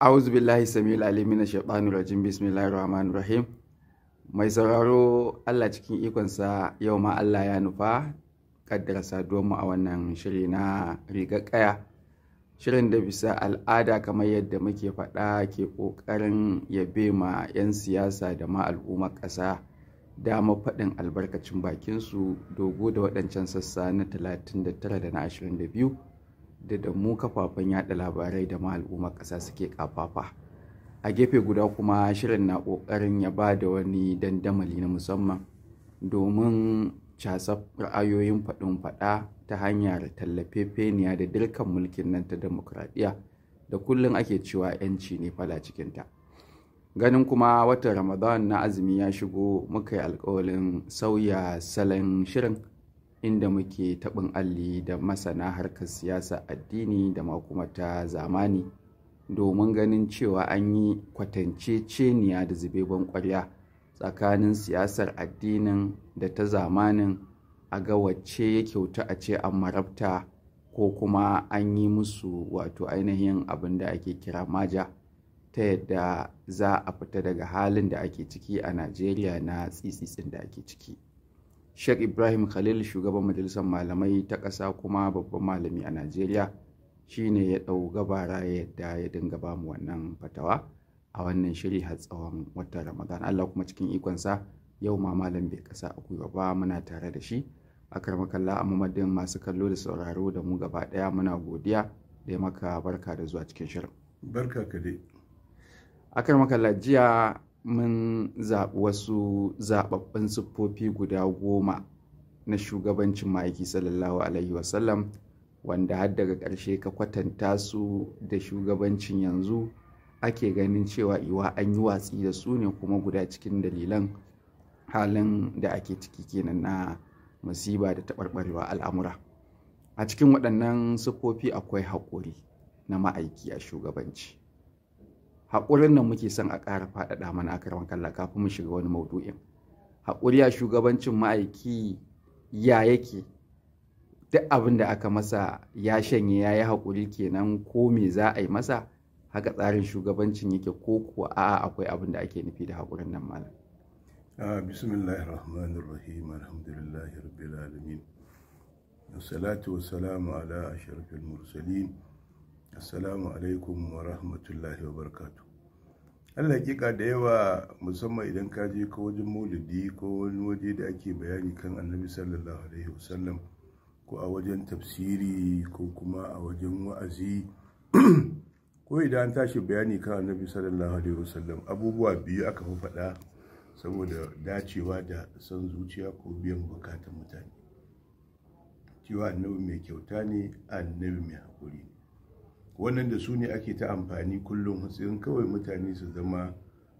auzu billahi samil alimina na shaɓanu rajin bismillahir rahmanir rahim mai sauraro allah cikin ikonsa yau ma allah ya nufa kaddara mu a wannan shiri na rigar kaya shirin da bisa al'ada kamar yadda muke faɗa ke ƙoƙarin yabe ma 'yan siyasa da ma al'ummar ƙasa dama faɗin albarkacin bakinsu dogo da waɗancan sassa na 39 da na 22 da da mu kafafen yada labarai da ma al'ummar ƙasa suke kafafa a gefe guda kuma shirin na ƙoƙarin ya ba da wani dandamali na musamman domin casar ra'ayoyin faɗin faɗa ta hanyar tallafefeniya da dirkan mulkin nan ta demokradiyya da kullum ake cewa 'yanci ne fada cikinta ganin kuma watan ramadan na azumi ya shigo muka yi alkawalin sauya salon shirin inda muke taɓin alli da masana harkar siyasa addini da ma kuma ta zamani domin ganin cewa an yi kwatance ceniya da zubeban ƙwarya tsakanin siyasar addinin da ta zamanin a ga wacce ya kyauta a ce an marabta ko kuma an yi musu wato ainihin abin da ake kira maja ta yadda za a fita daga halin da ake ciki a najeriya na tsitsitsin da ake ciki Sheikh Ibrahim Khalil shugaban majalisar malamai ta ƙasa kuma babban malami a Najeriya shi ne ya ɗau gabara yadda ya dinga ba mu wannan fatawa a wannan shiri har tsawon watan Ramadan. Allah kuma cikin ikonsa yau ma malam bai ƙasa a gwiwa ba muna tare da shi. A karmakalla a mamadin masu kallo da sauraro da mu gaba ɗaya muna godiya da maka barka da zuwa cikin shirin. Barka ka dai. A karmakalla jiya mun zaɓi wasu zaɓaɓɓen siffofi guda goma na shugabancin ma'aiki sallallahu alaihi wasallam wanda har daga ƙarshe ka kwatanta su da shugabancin yanzu ake ganin cewa iwa an yi watsi da su ne kuma guda cikin dalilan halin da ake ciki kenan na musiba da taɓarɓarewa al'amura a cikin waɗannan siffofi akwai haƙuri na ma'aiki a shugabanci haƙurin nan muke son a ƙara faɗaɗa mana a karɓar kalla kafin mu shiga wani maudu'in haƙuri a shugabancin ma'aiki ya yake duk abin da aka masa ya shanye ya yi haƙuri kenan ko me za a yi masa haka tsarin shugabancin yake ko kuwa a'a akwai abin da ake nufi da haƙurin nan malam bismillahir rahmanir rahim alhamdulillahi rabbil alamin wassalatu wassalamu ala ashrafil mursalin assalamu alaikum wa rahmatullahi wa barkatu allah hakika da yawa musamman idan ka je ko wajen maulidi ko wani waje da ake bayani kan annabi sallallahu alaihi wasallam ko a wajen tafsiri ko kuma a wajen wa'azi ko idan an tashi bayani kan annabi sallallahu alaihi wasallam abubuwa biyu aka fi faɗa saboda dacewa da san zuciya ko biyan bukatan mutane cewa annabi mai kyauta ne annabi mai haƙuri ne wannan da su ne ake ta amfani kullum hatsin kawai mutane su zama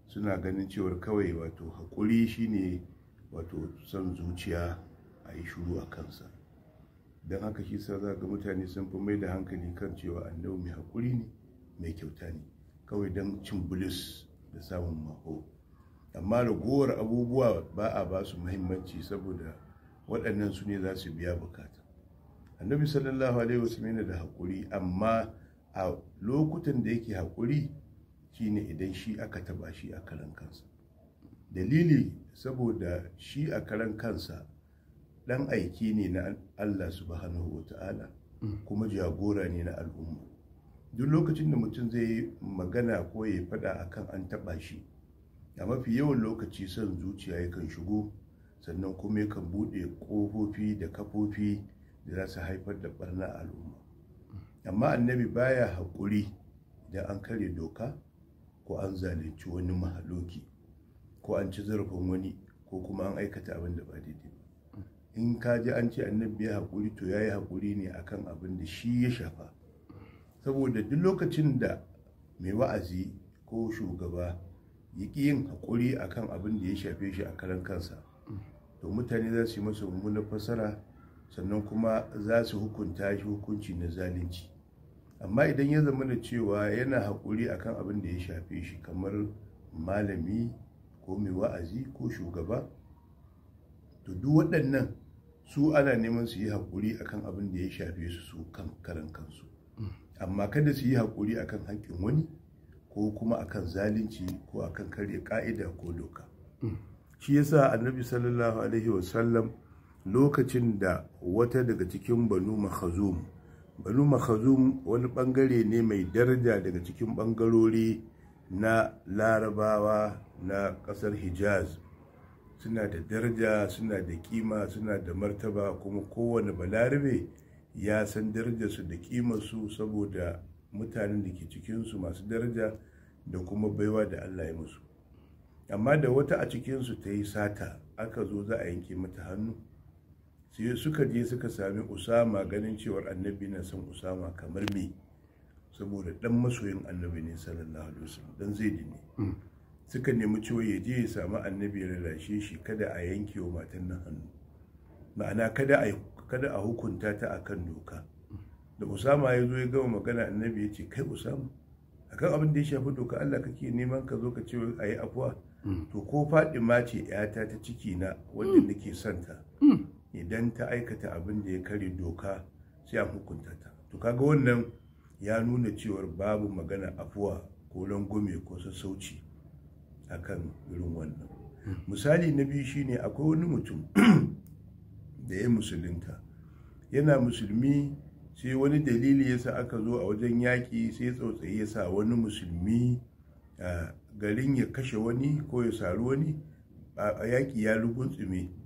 suna ganin cewar kawai wato haƙuri shine wato son zuciya a yi shuru a kansa don haka shi sa za ga mutane sun fi mai da hankali kan cewa annabi mai haƙuri ne mai kyauta ne kawai don cin bulis da samun mako amma ragowar abubuwa ba a ba su muhimmanci saboda waɗannan su ne za su biya bukata annabi sallallahu alaihi wasu da haƙuri amma a lokutan da yake haƙuri shine idan shi aka taba shi a karan kansa dalili saboda shi a karan kansa ɗan aiki ne na Allah subhanahu wa ta'ala kuma jagora ne na al'umma duk lokacin da mutum zai yi magana ko ya a kan an taba shi a mafi yawan lokaci son zuciya yakan shigo sannan kuma yakan buɗe ƙofofi da kafofi da za su haifar da barna al'umma amma annabi baya hakuri da an kare doka ko an zalunci wani mahaloki ko an ci zarafin wani ko kuma an aikata abin da ba daidai ba in ka ji an ce annabi ya hakuri to ya yi haƙuri ne akan abin da shi ya shafa saboda duk lokacin da mai wa'azi ko shugaba ya ƙi yin hakuri akan abin da ya shafe shi a karan kansa to mutane za su yi masa mummunar fasara sannan kuma za su hukunta shi hukunci na zalunci amma idan ya zama da cewa yana haƙuri akan abin da ya shafe shi kamar malami ko mai wa'azi ko shugaba to duk waɗannan su ana neman su yi haƙuri akan abin da ya shafe su su kan karan kansu amma kada su yi haƙuri akan haƙƙin wani ko kuma akan zalunci ko akan karya ƙa'ida ko doka shi yasa annabi sallallahu alaihi wasallam lokacin da wata daga cikin banu mahazum banu makhazum wani bangare ne mai daraja daga cikin bangarori na larabawa na kasar hijaz suna da daraja suna da kima suna da martaba kuma kowane balarabe ya san darajarsu da kimarsu saboda mutanen da ke cikinsu masu daraja da kuma baiwa da allah ya musu amma da wata a cikinsu ta yi sata aka zo za a yanke mata hannu sai suka je suka sami usama ganin cewar annabi na san usama kamar me saboda dan masoyin annabi ne sallallahu alaihi wasallam dan zai ne hmm. suka nemi cewa ya je ya sami annabi ya lashe shi kada a yanke wa matan nan hannu ma'ana kada a kada a hukunta ta akan doka da usama ya zo ya gama magana annabi ya ce kai usama akan abin da ya shafi doka Allah kake neman ka zo ka ce a yi afuwa hmm. to ko faɗi ma ce 'yata ta ciki na wanda hmm. nake son ta idan ta aikata abin da ya kare doka sai a hukunta ta to kaga wannan ya nuna cewar babu magana afuwa ko langume ko sassauci akan irin wannan misali na biyu shine akwai wani mutum da ya musulunta yana musulmi sai wani dalili yasa aka zo a wajen yaƙi sai tsautsayi ya sa wani musulmi garin ya kashe wani ko ya saru wani a yaƙi ya rugun tsime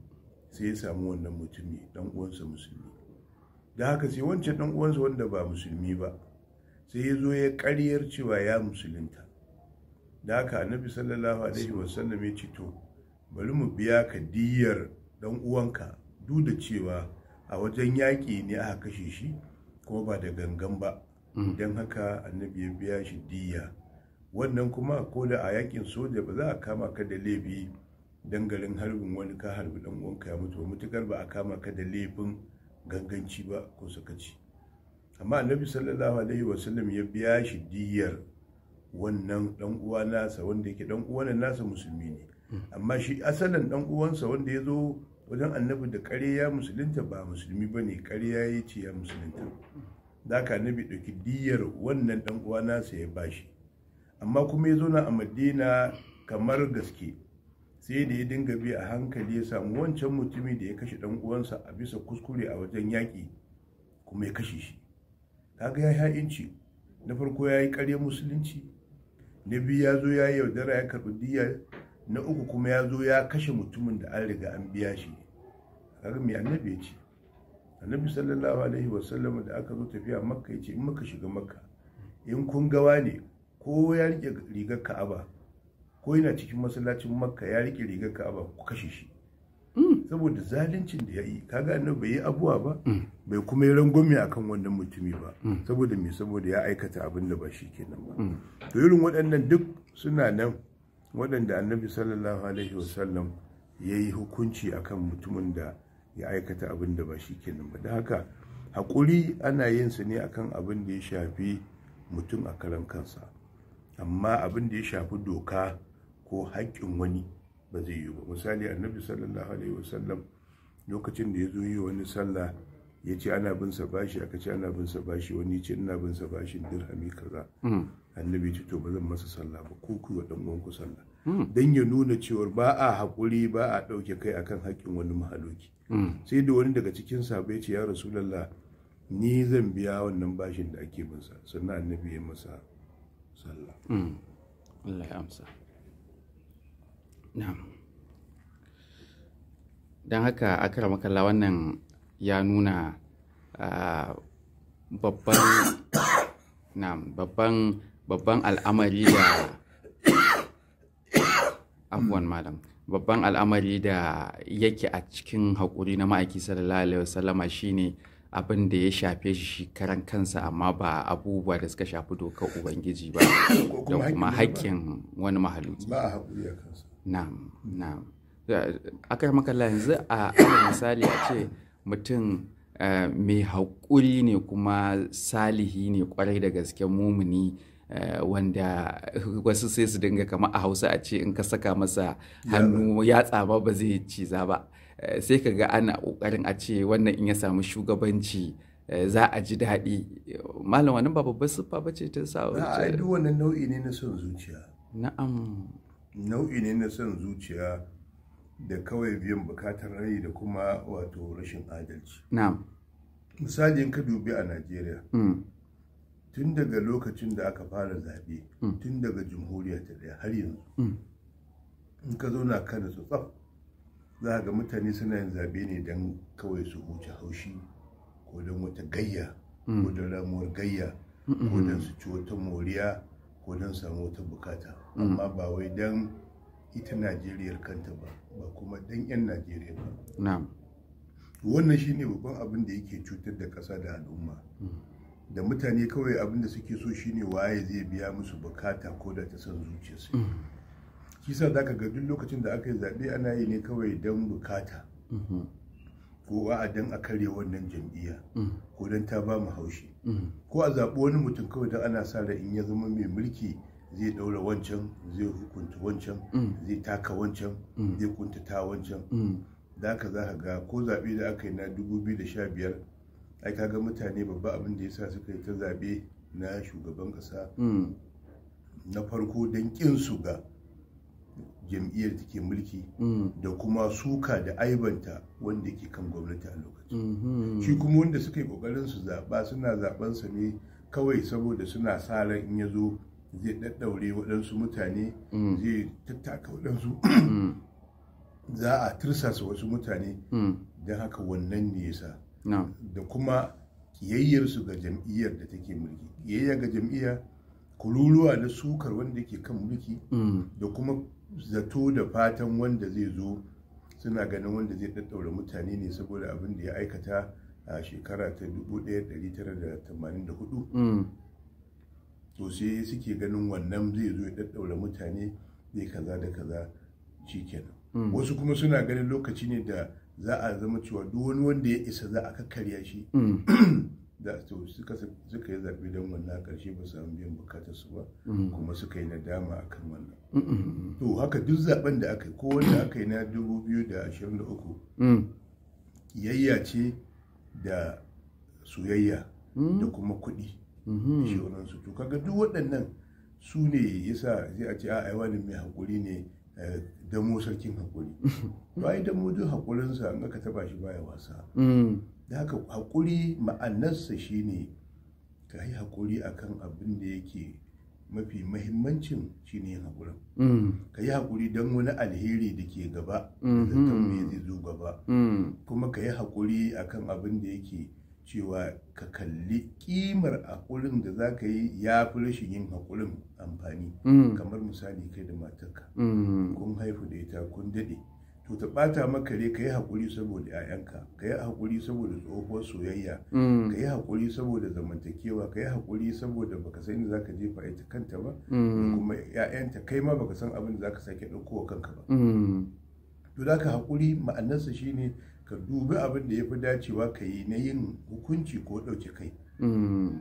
sai ya samu wannan mutumi dan uwansa musulmi da haka sai wancan dan uwansa wanda ba musulmi ba sai ya zo ya karyar cewa ya musulunta da haka annabi sallallahu alaihi wasallam ya ce to bari mu biya ka diyar dan uwanka duk da cewa a wajen yaƙi ne aka kashe shi kuma ba da gangan ba mm. don haka annabi ya biya shi diya wannan kuma ko da a yakin soja ba za a kama ka da laifi dangalin harbin wani ka harbi dan uwanka ya mutu ba mutukar ba a kama ka da laifin ganganci ba ko sakaci amma annabi sallallahu alaihi wasallam ya biya shi diyar wannan dan uwa nasa wanda yake dan uwan nasa musulmi ne amma shi asalin dan uwansa wanda ya zo wajen annabi da ƙarya musulunta ba musulmi ba ne ƙarya ya ce ya musulunta da ka annabi ɗauki diyar wannan dan uwa nasa ya bashi amma kuma ya zo na a madina kamar gaske sai da ya dinga bi a hankali ya samu wancan mutumi da ya kashe dan uwansa a bisa kuskure a wajen yaƙi kuma ya kashe shi kaga ya ha'inci na farko ya yi ƙarya musulunci na biyu ya zo ya yi yaudara ya karɓi diyar, na uku kuma ya zo ya kashe mutumin da an riga an biya shi kaga mai annabi ya ce annabi sallallahu alaihi wasallam da aka zo tafiya makka ya ce in muka shiga makka in kun gawa ne ko ya rike rigar ka'aba ko yana cikin masallacin makka ya rike rigar ka'aba ku kashe shi mm. saboda zaluncin da ya yi kaga annabi bai yi abuwa ba mm. bai kuma yi rangwame akan wannan mutumi ba mm. saboda me saboda ya aikata abin da ba shi kenan ba to irin waɗannan duk suna nan waɗanda annabi sallallahu alaihi wasallam ya yi hukunci akan mutumin da ya aikata abin da ba shi kenan ba da haka haƙuri ana yin sa ne akan abin da ya shafi mutum a karan kansa amma abin da ya shafi doka ko haƙƙin wani ba zai yi ba misali annabi sallallahu alaihi wasallam lokacin da ya zo yi wani sallah ya ce ana bin sa bashi aka ce ana bin sa bashi wani ce ina bin sa bashi dirhami kaza hmm. annabi ce to ba zan masa sallah ba ko kuwa dan uwanku sallah hmm. dan ya nuna cewa ba a haƙuri ba a ɗauke kai akan haƙƙin wani mahaloki hmm. sai da wani daga cikin sahabbai ce ya rasulullah ni zan biya wannan bashin da ake bin sa sannan annabi ya masa sallah Allah ya amsa don haka akara makalla wannan ya nuna babban al'amari da abuwan malam babban al'amari da yake a cikin haƙuri na ma'aiki sallallahu alaihi wasallama shine abin da ya shafe shi shi karan kansa amma ba abubuwa da suka shafi dokar ubangiji ba da kuma haƙƙin wani mahaluki ba a haƙuri a kansa na'am na'am aka makalla yanzu a misali a ce mutum eh, mai haƙuri ne kuma salihi ne kwarai da gaske mumuni eh, wanda wasu sai su dinga kama a hausa a ce in ka saka masa hannu ya tsama ba zai ciza ba eh, sai ka ga ana ƙoƙarin a ce wannan in ya samu shugabanci za a ji daɗi malam wannan ba babbar siffa ba ce ta sa a duk wani nau'i ne na son zuciya na'am nau'i ne na son zuciya da kawai biyan bukatar rai da kuma wato rashin adalci misali in ka dubi a najeriya hmm. tun daga lokacin da aka fara zaɓe hmm. tun daga jamhuriya ta ɗaya har yanzu hmm. in ka zauna kana su tsaf za ga mutane suna yin zaɓe ne don kawai su huce haushi ko don wata gayya ko don ramuwar gayya ko don su ci wata moriya ko don samu wata bukata mm. amma ba wai dan ita najeriya kanta ba ba kuma dan 'yan najeriya ba wannan shine babban abin da yake cutar da ƙasa da al'umma mm. da mutane kawai abin da suke so shine waye zai biya musu bukata ko da ta san zuciyarsu kisa mm. za ka ga duk lokacin da aka yi zaɓe ana yi ne kawai don bukata mm-hmm. ko a a karya wannan jam'iyya mm. ko dan ta ba mu haushi mm. ko a zaɓi wani mutum kawai da ana sa da in ya zama mai mulki zai ɗaura wancan zai hukunta wancan mm. zai taka wancan zai kuntata wancan da haka za ka ga ko zaɓe da aka yi na 2015 ai ga mutane babba abin da ya sa suka yi ta zaɓe na shugaban ƙasa na farko dan ƙin su ga jam'iyyar da ke mulki mm. da kuma suka da aibanta wanda ke kan gwamnati a lokaci. Mm-hmm. shi kuma wanda suka yi kokarin su zaɓa suna zaɓen sa ne kawai saboda suna sa ran in ya zo zai ɗaɗɗaure waɗansu mutane mm. zai tattaka waɗansu mm. za a tirsasa wasu mutane don haka wannan ne yasa da kuma kiyayyarsu ga jam'iyyar da take mulki kiyayya ga jam'iyya kururuwa da sukar wanda ke kan mulki da kuma zato da fatan wanda zai zo suna ganin wanda zai daddaura mutane ne saboda abin da ya aikata a shekara ta 1984 mm. to sai suke ganin wannan zai zo ya daddaura mutane zai kaza da kaza kenan mm. wasu kuma suna ganin lokaci ne da za a zama cewa duk wani wanda ya isa za a kakkarya shi mm. da to suka suka yi zaɓe don wannan ƙarshe ba su biyan bukatar su ba mm. kuma suka yi nadama kan wannan to haka duk zaɓen da aka yi ko wanda aka yi na 2023 kiyayya mm. ce da soyayya mm. da kuma kuɗi shi wannan su to kaga duk waɗannan su ne yasa zai a ce a ai wani mai hakuri ne eh, damo sarkin hakuri to ai damo duk hakurinsa in aka taba shi baya wasa da haka haƙuri ma'anarsa shi ne, ka yi haƙuri kan abin da yake mafi mahimmancin shi yin haƙurin mm. ka yi haƙuri don wani alheri da ke gaba mm-hmm. da zai zo gaba mm. kuma ka yi haƙuri kan abin da yake cewa ka kalli ƙimar haƙurin da za ka yi ya fi rashin yin haƙurin amfani mm. kamar misali kai da matarka kun haifu da ita kun daɗe to ta bata maka ne ka yi haƙuri saboda 'ya'yanka ka yi haƙuri saboda tsohuwar soyayya mm. ka yi haƙuri saboda zamantakewa ka yi haƙuri saboda baka san za ka jefa ita kanta ba mm. kuma 'ya'yanta kai ma baka san abin da za ka sake ɗaukowa kanka ba mm. to za ka haƙuri ma'anarsa shine ka dubi abin da ya fi dacewa ka yi na yin hukunci ko ɗauke kai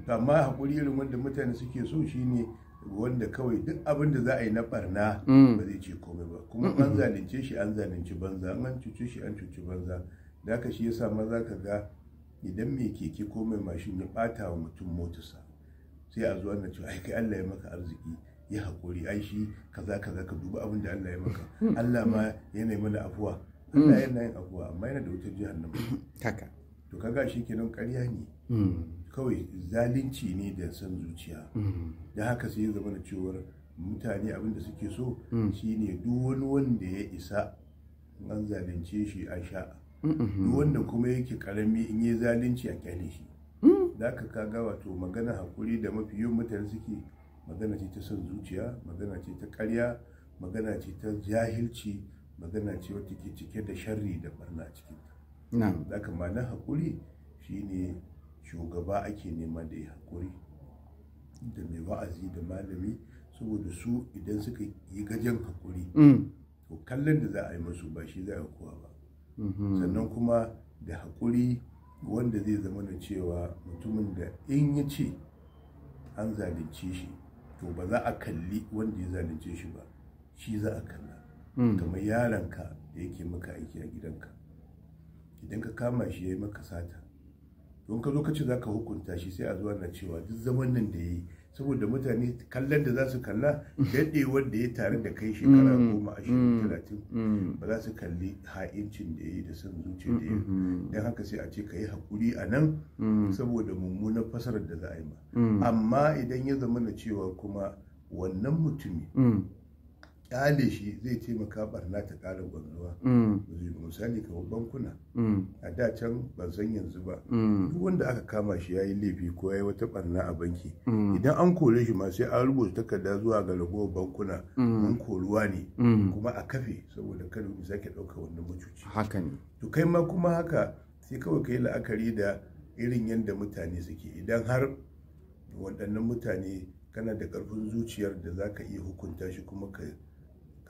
amma haƙuri irin wanda mutane suke so shine wanda kawai duk abin da za a yi na barna mm. ba zai ce komai ba kuma an zalunce shi an zalunci banza an cuce shi an cuci banza da aka shi yasa maza ka ga idan mai keke ko mai mashin ya bata wa mutum motarsa sai a zuwa na cewa ai kai Allah ya maka arziki ya haƙuri ai shi kaza kaza ka duba abin da Allah ya maka mm. Allah ma yana mana afuwa mm. Allah yana yin afuwa amma yana da wutar jahannama haka to kaga shi kenan karya ne kawai zalunci ne da san zuciya mm. da haka sai zama da cewar mutane abinda suke so mm. shine duk wani wanda ya isa an zalunce shi a sha mm-hmm. duk wanda kuma yake karami in yi zalunci a kyale shi mm. da aka kaga wato magana hakuri da mafi yawan mutane suke magana ce ta san zuciya magana ce ta karya magana ce ta jahilci magana ce wata ke cike da sharri da barna cikin ta. Da ma na hakuri shine shugaba ake nema da ya hakuri da mai wa'azi da malami saboda su idan suka yi gajen hakuri mm. to kallon da za a yi musu ba shi za a kowa ba mm-hmm. sannan kuma da haƙuri wanda zai zama da cewa mutumin da in ya ce an zalunce shi to ba za a kalli wanda ya zalunce shi ba shi za a kalla mm. kamar yaranka da yake maka aiki a gidanka idan ka kama shi ya yi maka sata don ka zo ka ce za ka hukunta shi sai a zuwa na cewa duk zaman nan da ya yi saboda mutane kallon da za su kalla daɗewar da ya tare da kai shekara mm, goma ashirin mm, talatin mm. ba za su kalli ha'incin da ya yi da son zuci da ya don haka sai a ce ka yi haƙuri a nan saboda mummunan fasarar da za a yi ma amma idan ya zama na cewa kuma wannan mutumi kyale shi zai taimaka barna ta ƙara gwanzuwa mm. misali kamar bankuna mm. a da can ban san yanzu ba mm. duk wanda aka kama shi ya yi laifi ko ya yi wata barna a banki idan an kore shi ma sai an rubuta takarda zuwa ga ragowar bankuna An koruwa ne kuma a kafe saboda kada mu sake ɗauka wannan mutuci. haka ne to kai ma kuma haka sai kawai ka yi la'akari da irin yadda mutane suke idan har waɗannan mutane kana da ƙarfin zuciyar da za ka iya hukunta shi kuma ka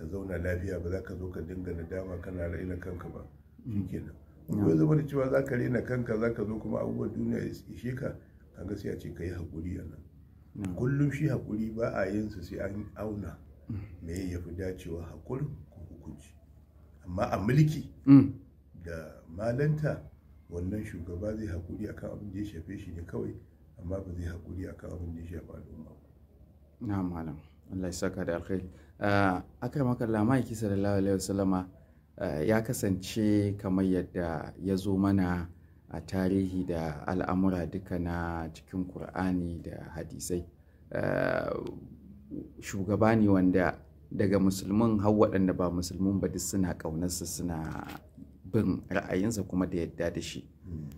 ka zauna lafiya ba za ka zo ka dinga nadama kana raina kanka ba mm. shikenan ko zama da cewa za ka raina kanka za ka zo kuma abubuwan duniya ya ishe ka ga sai a ce ka yi haƙuri a nan mm. kullum shi haƙuri ba a yin su sai an auna mm. me ya fi dacewa haƙurin ko hukunci amma a mulki da malanta wannan shugaba zai haƙuri akan abin da ya shafe shi ne kawai amma ba zai haƙuri akan abin da ya shafe al'umma ba. na malam Allah ya saka da alkhairi ah, aka maka lamaki sallallahu alaihi wasallama ah, ya kasance kamar yadda ya zo mana a tarihi da al'amura duka na cikin Kur'ani da hadisai ah, shugaba ne wanda daga musulmin har waɗanda ba musulmin ba duk suna ƙaunarsa suna bin ra'ayinsa kuma da yadda da shi hmm.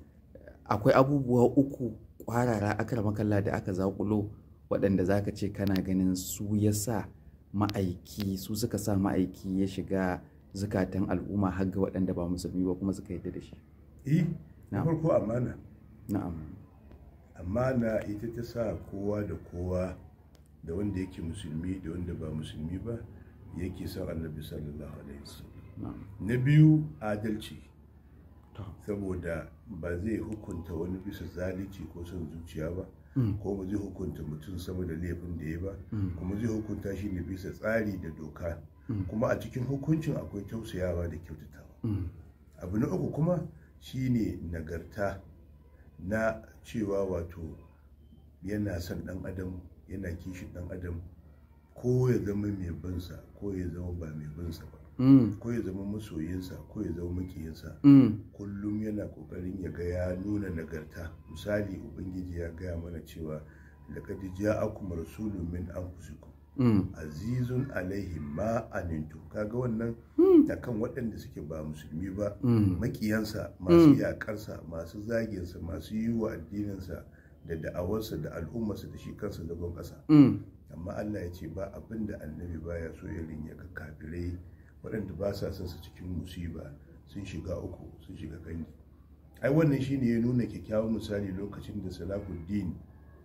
akwai abubuwa uku kwarara akar makalla da aka zaƙulo waɗanda za ka ce kana ganin su ya sa ma'aiki su suka sa ma'aiki ya shiga zukatan al'umma har ga waɗanda ba musulmi ba kuma suka yadda da shi eh na farko amana na'am amana ita ta sa kowa da kowa da wanda yake musulmi da wanda ba musulmi ba yake son annabi sallallahu alaihi wasallam na biyu adalci saboda ba zai hukunta wani bisa zalici ko son zuciya ba Mm. ko ba zai hukunta mutum sama da laifin da ya ba mm. kuma zai hukunta shi ne bisa tsari da doka mm. kuma a cikin hukuncin akwai tausayawa da kyautatawa abu na uku kuma shi ne nagarta na cewa wato yana son dan adam yana kishin dan adam ko ya zama mai binsa ko ya zama ba mai binsa Mm. ko ya zama masoyinsa ko ya zama makiyinsa mm. kullum yana kokarin ya ga ya nuna nagarta misali ubangiji ya gaya mana cewa laqad ja'akum rasulun min anfusikum mm. azizun alaihi ma anintu kaga wannan kan waɗanda suke ba musulmi ba makiyansa masu yakarsa masu zaginsa masu yi wa addininsa da da'awarsa da al'ummarsa da shi kansa zagon ƙasa amma Allah ya ce ba abinda da annabi baya so irin ya ga kafirai waɗanda ba sa son su cikin musiba sun shiga uku sun shiga kani ai wannan shine ya nuna kyakkyawan misali lokacin da salahuddin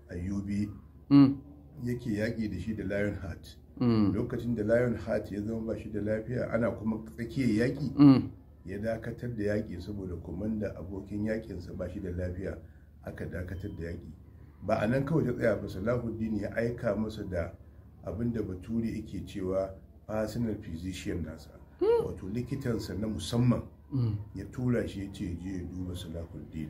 ayyubi mm. yake yaƙi da shi da lion heart mm. lokacin da lion heart ya zama ba shi da lafiya ana kuma tsakiyar yaƙi mm. ya dakatar da yaƙi saboda komanda abokin yaƙinsa ba shi da lafiya aka dakatar da yaƙi ba a nan kawai ta tsaya ba salahuddin ya aika masa da abinda da bature yake cewa personal physician nasa hmm. wato likitansa na musamman hmm. ya tura shi ya ce je ya duba salahuddin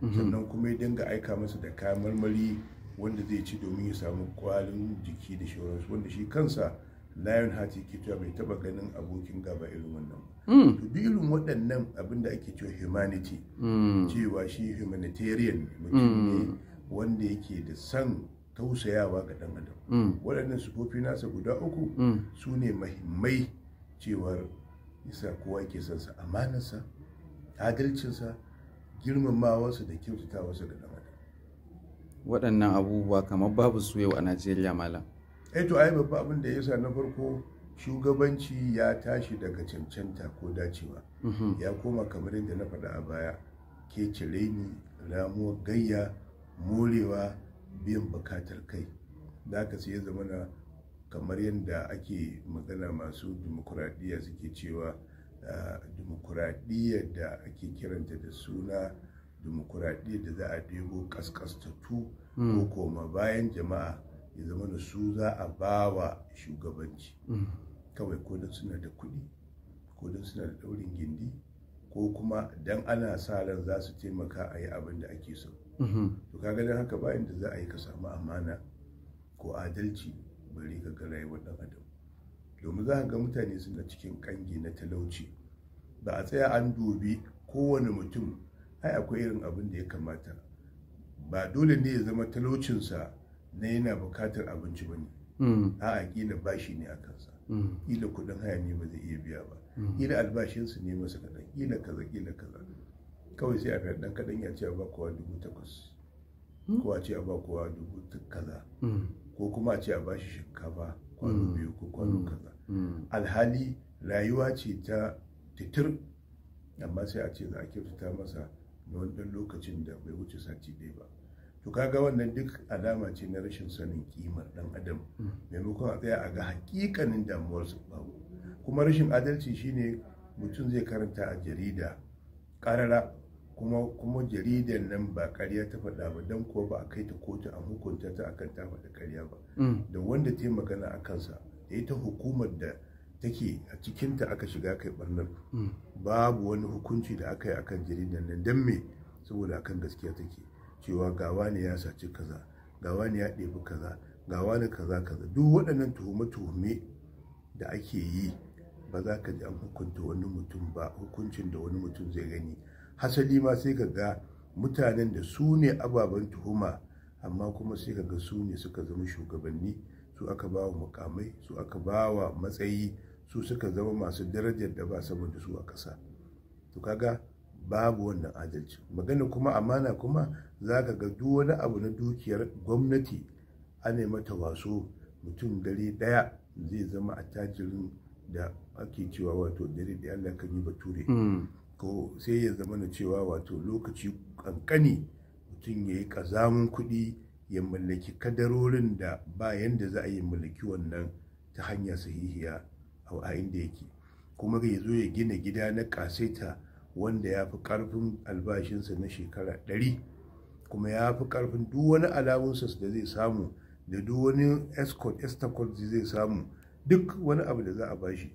hmm. sannan kuma ya dinga aika masa da kayan marmari wanda zai ci domin ya samu kwalin jiki da shauransu wanda shi kansa lion heart yake cewa bai taba ganin abokin gaba irin wannan to duk irin waɗannan abin da ake cewa humanity cewa shi humanitarian mutum ne wanda yake da san tausayawa ga ɗan adam mm. waɗannan sufofi nasa guda uku mm. su ne mahimmai cewar isa kowa ke son sa amanarsa adalcinsa girmamawarsa da kyautatawarsa ga ɗan adam waɗannan abubuwa kamar babu su yau a najeriya malam ai eh to ai babba abin da yasa na farko shugabanci ya tashi daga cancanta ko dacewa mm-hmm. ya koma kamar yadda na faɗa a baya ke cire ni ramuwar gayya morewa biyan bukatar kai da aka sai zama na kamar yadda ake magana masu demokuraɗiyya suke cewa dimokuraɗiyya da ake kiranta da suna dimokuraɗiyya da za a debo ƙasƙastattu mm. ko koma bayan jama'a ya zama da su za a bawa shugabanci mm. kawai ko don suna da kuɗi ko don suna da ɗaurin gindi ko kuma don ana sa ran za su taimaka a yi abin da ake so Mm-hmm. to kaga dan haka ba inda za a yi ka samu amana ko adalci bari ka ga rayuwar dan adam domin za ka ga mutane suna cikin kangi na talauci ba a tsaya an dubi kowane mutum ai akwai irin abin da ya kamata ba dole ne ya zama talaucinsa na yana bukatar abinci ba ne mm. a kila bashi ne a kansa kila mm. kudin haya ne ba zai iya biya ba kila mm. albashinsu ne masa kaɗan kila kaza kila kaza kawai sai a fiyar ɗan kaɗan ya ce a ba kowa dubu takwas hmm? ko a ce a ba kowa dubu kaza hmm. ko kuma a ce a ba shi shinkafa kwano hmm. biyu ko kwano kaza alhali rayuwa ce ta titir amma sai a ce za a kyautata masa na wani lokacin da bai wuce sati ɗaya ba to kaga wannan duk alama ce na rashin sanin kimar dan adam maimakon a tsaya a ga hakikanin su babu kuma rashin adalci shine mutum zai karanta a jarida karara kuma kuma jaridar nan ba kariya ta faɗa ba don kuwa ba a kai ta kotu a hukunta ta akan ta faɗa kariya ba mm. da wanda ta yi magana a kansa da ita hukumar da take a cikinta aka shiga kai ɓarnar. Mm. babu wani hukunci da aka yi a kan jaridar nan don me saboda akan gaskiya take cewa gawa ne ya saci kaza gawa ne ya ɗebi kaza gawa ne kaza kaza duk waɗannan tuhume-tuhume da ake yi ba za ka ji an hukunta wani mutum ba hukuncin da wani mutum zai gani hasali ma sai ka ga mutanen da su ne ababen tuhuma amma kuma sai ka ga su ne suka zama shugabanni su aka ba wa mukamai su aka ba wa matsayi su suka zama masu darajar da ba saboda su a ƙasa to kaga babu wannan adalci magana kuma amana kuma za ka ga duk wani abu na dukiyar gwamnati ana mata wasu mutum gari ɗaya zai zama attajirin da ake cewa wato dare da Allah kan yi bature hmm. ko sai ya zama na cewa wato lokaci kankani mutum ya yi kazamun kuɗi ya mallaki kadarorin da bayan da za a yi mallaki wannan ta hanya sahihiya a inda yake kuma ya zo ya gina gida na kaseta wanda ya fi ƙarfin albashinsa na shekara ɗari kuma ya fi ƙarfin duk wani alamunsa da zai samu da duk wani escort zai samu duk wani abu da za a bashi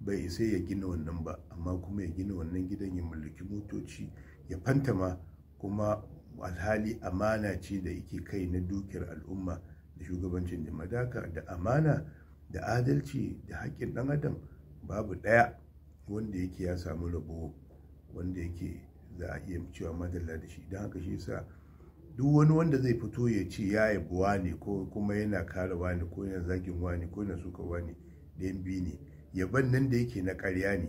bai isa ya gina wannan ba amma kuma ya gina wannan gidan ya mallaki motoci ya fantama kuma alhali amana ce da yake kai na dukiyar al'umma da shugabancin jama'a da amana da adalci da haƙƙin ɗan adam babu ɗaya wanda yake ya samu rabo wanda yake za a iya cewa madalla da shi don haka shi sa duk wani wanda zai fito ya ce ya yabi ne ko kuma yana kare wani ko yana zagin wani ko yana suka wani ɗayan biyu ne yaban nan da yake na ƙarya ne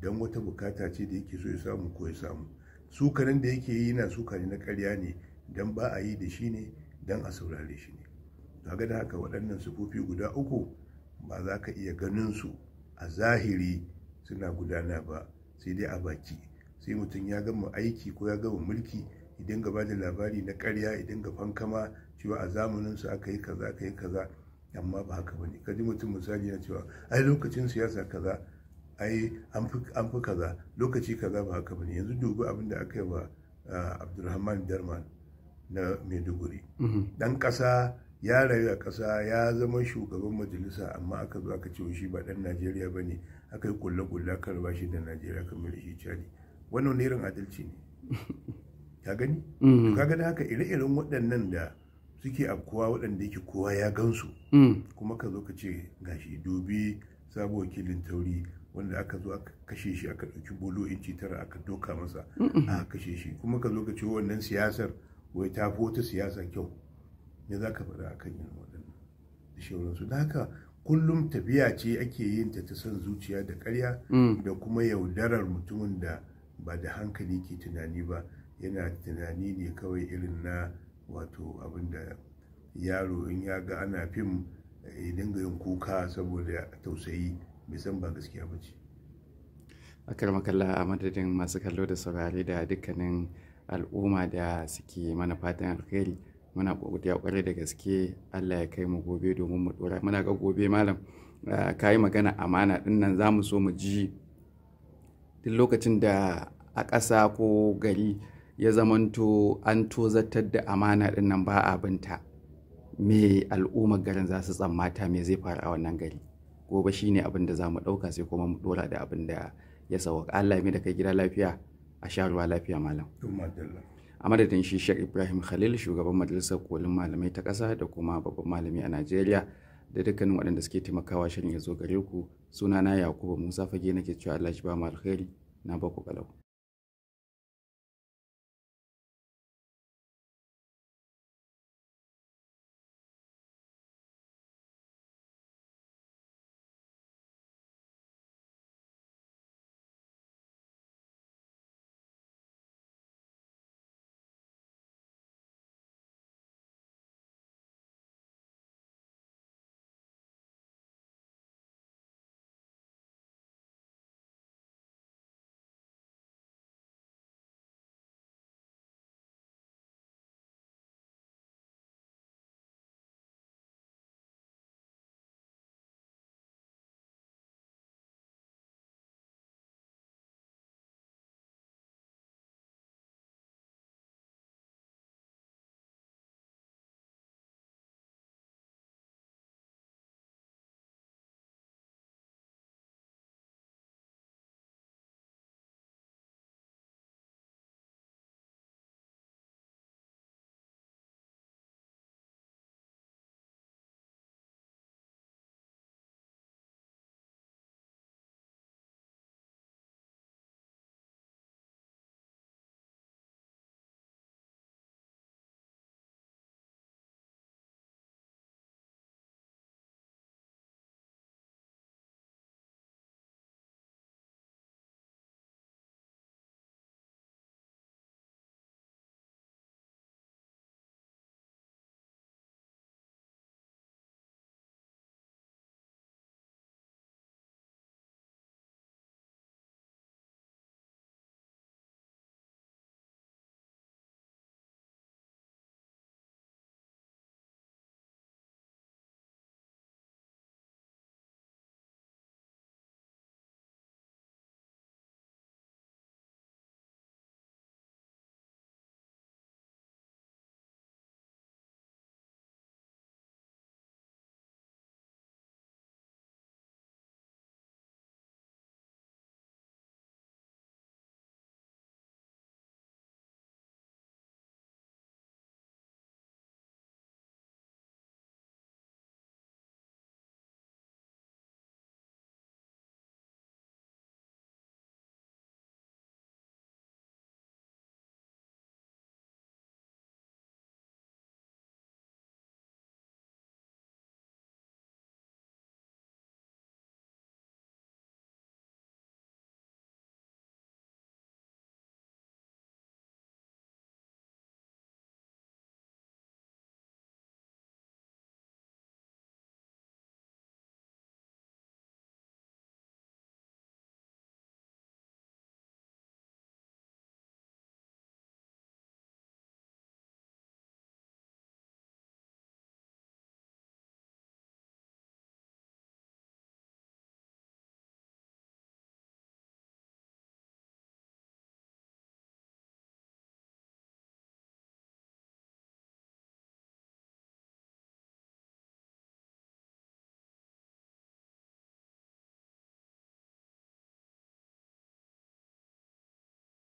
don wata bukata ce da yake so ya samu ko ya samu suka nan da yake yi na suka ne na ƙarya ne don ba a yi da shi ne don a saurare shi ne ga da haka waɗannan sufofi guda uku ba za ka iya ganin su a zahiri suna gudana ba sai dai a baki sai mutum ya gama aiki ko ya gama mulki idan gaba da labari na ƙarya idan ga fankama cewa a zamaninsu aka yi kaza aka yi kaza amma ba haka bane kaji mutum misali na cewa ai lokacin siyasa kaza ai an fi kaza lokaci kaza ba haka bane yanzu dubi abin da aka yi wa ah, abdulrahman darman na maiduguri mm-hmm. dan kasa ya rayu a kasa ya zama shugaban majalisa amma aka zo aka ce shi ba dan najeriya ba ne aka yi kulle-kulle aka raba shi da najeriya kamar shi cali wannan irin adalci ne ka gani mm-hmm. ka gani haka ire-iren waɗannan da suke kowa waɗanda yake kowa ya gansu mm. kuma ka zo ka ce gashi dubi sabo wakilin tauri wanda aka zo aka kashe shi aka ɗauki bolo inci tara aka doka masa a kashe shi kuma ka zo ka ce wannan siyasar wai ta fi wata siyasa kyau ne za ka faɗa akan yin waɗannan da da haka kullum tafiya ce ake yin ta ta son zuciya da ƙarya mm. da kuma yaudarar mutumin da ba da hankali ke tunani ba yana tunani ne kawai irin na wato abinda yaro in ya ga ana fim ya dinga yin kuka saboda tausayi bai san ba gaskiya ba ce akar makalla a madadin masu kallo da saurari da dukkanin al'umma da suke mana fatan alkhairi muna godiya kwarai da gaske Allah ya kai mu gobe domin mu dora muna ga gobe malam ka yi magana amana din nan za mu so mu ji duk lokacin da a ƙasa ko gari ya zamanto an tozartar da amana din nan ba abinta me al'ummar garin za su tsammata me zai faru a wannan gari gobe shine abin da za mu ɗauka sai kuma mu ɗora da abin da ya sauka Allah mai da kai gida lafiya a sha ruwa lafiya malam a madadin shi Sheikh Ibrahim Khalil shugaban majalisar kolin malamai ta kasa da kuma babban malami a Najeriya da dukkanin waɗanda suke taimakawa shirin ya zo gare ku sunana Yakubu Musa Fage nake cewa Allah shi ba mu alkhairi na ku kalau